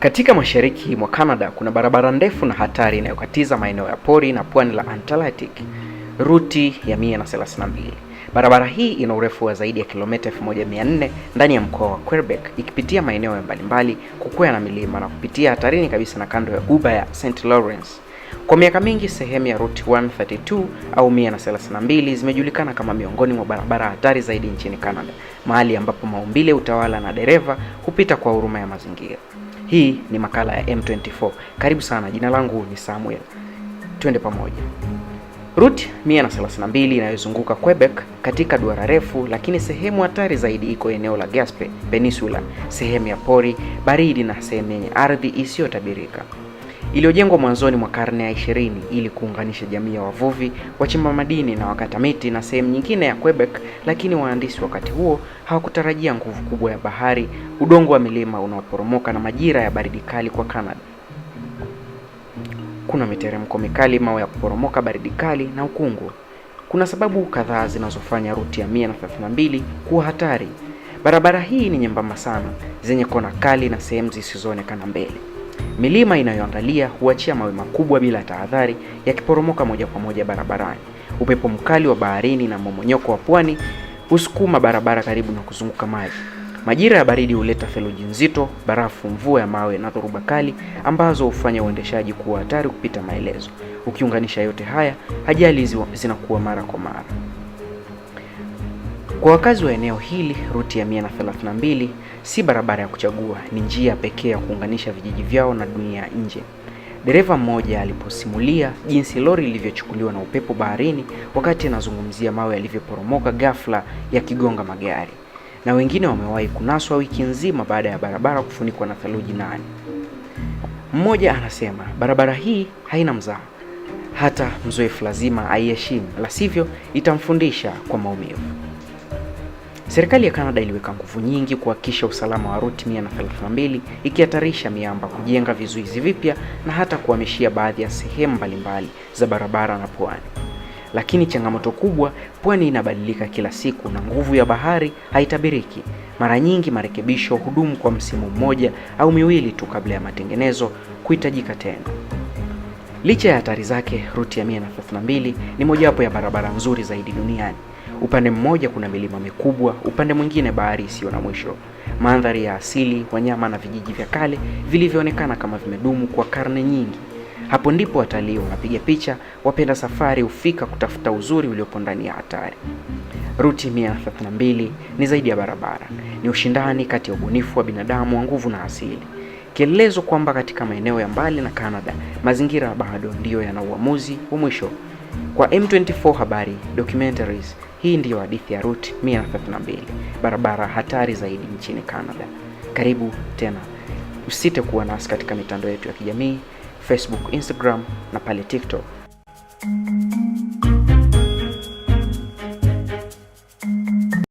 Katika mashariki mwa Canada kuna barabara ndefu na hatari inayokatiza maeneo ya pori na pwani la Antarctic, ruti ya 132. Barabara hii ina urefu wa zaidi ya kilomita 1400 ndani ya mkoa wa Quebec, ikipitia maeneo ya mbalimbali, kukwea na milima na kupitia hatarini kabisa na kando ya uba ya St. Lawrence. Kwa miaka mingi sehemu ya Route 132 au 132 zimejulikana kama miongoni mwa barabara hatari zaidi nchini Canada, mahali ambapo maumbile, utawala na dereva hupita kwa huruma ya mazingira. Hii ni makala ya M24. Karibu sana, jina langu ni Samuel, twende pamoja. Route 132 inayozunguka Quebec katika duara refu, lakini sehemu hatari zaidi iko eneo la Gaspe Peninsula, sehemu ya pori baridi na sehemu yenye ardhi isiyotabirika iliyojengwa mwanzoni mwa karne ya 20 ili kuunganisha jamii ya wavuvi, wachimba madini na wakata miti na sehemu nyingine ya Quebec, lakini wahandisi wakati huo hawakutarajia nguvu kubwa ya bahari, udongo wa milima unaoporomoka na majira ya baridi kali kwa Canada. Kuna miteremko mikali, mawe ya kuporomoka, baridi kali na ukungu. Kuna sababu kadhaa zinazofanya ruti ya 132 kuwa hatari. Barabara hii ni nyembamba sana, zenye kona kali na sehemu zisizoonekana mbele. Milima inayoangalia huachia mawe makubwa bila tahadhari, yakiporomoka moja kwa moja barabarani. Upepo mkali wa baharini na momonyoko wa pwani husukuma barabara karibu na kuzunguka maji. Majira ya baridi huleta theluji nzito, barafu, mvua ya mawe na dhoruba kali ambazo hufanya uendeshaji kuwa hatari kupita maelezo. Ukiunganisha yote haya, ajali zinakuwa mara kwa mara. Kwa wakazi wa eneo hili, ruti ya 132 si barabara ya kuchagua, ni njia pekee ya kuunganisha vijiji vyao na dunia ya nje. Dereva mmoja aliposimulia jinsi lori lilivyochukuliwa na upepo baharini wakati anazungumzia mawe yalivyoporomoka ghafla yakigonga magari, na wengine wamewahi kunaswa wiki nzima baada ya barabara kufunikwa na theluji nane. Mmoja anasema barabara hii haina mzaha, hata mzoefu lazima aiheshimu, la sivyo itamfundisha kwa maumivu. Serikali ya Kanada iliweka nguvu nyingi kuhakikisha usalama wa Route 132 ikihatarisha miamba, kujenga vizuizi vipya na hata kuhamishia baadhi ya sehemu mbalimbali za barabara na pwani. Lakini changamoto kubwa, pwani inabadilika kila siku na nguvu ya bahari haitabiriki. Mara nyingi marekebisho hudumu kwa msimu mmoja au miwili tu kabla ya matengenezo kuhitajika tena. Licha ya hatari zake, Route ya 132 ni mojawapo ya barabara nzuri zaidi duniani. Upande mmoja kuna milima mikubwa, upande mwingine bahari isiyo na mwisho. Mandhari ya asili, wanyama na vijiji vya kale vilivyoonekana kama vimedumu kwa karne nyingi. Hapo ndipo watalii wanapiga picha, wapenda safari hufika kutafuta uzuri uliopo ndani ya hatari. Ruti 132 ni zaidi ya barabara, ni ushindani kati ya ubunifu wa binadamu wa nguvu na asili, kielelezo kwamba katika maeneo ya mbali na Canada mazingira bado ndiyo yana uamuzi wa mwisho. Kwa M24 Habari Documentaries, hii ndiyo hadithi ya Route 132, barabara hatari zaidi nchini Canada. Karibu tena, usite kuwa nasi katika mitandao yetu ya kijamii Facebook, Instagram na pale TikTok.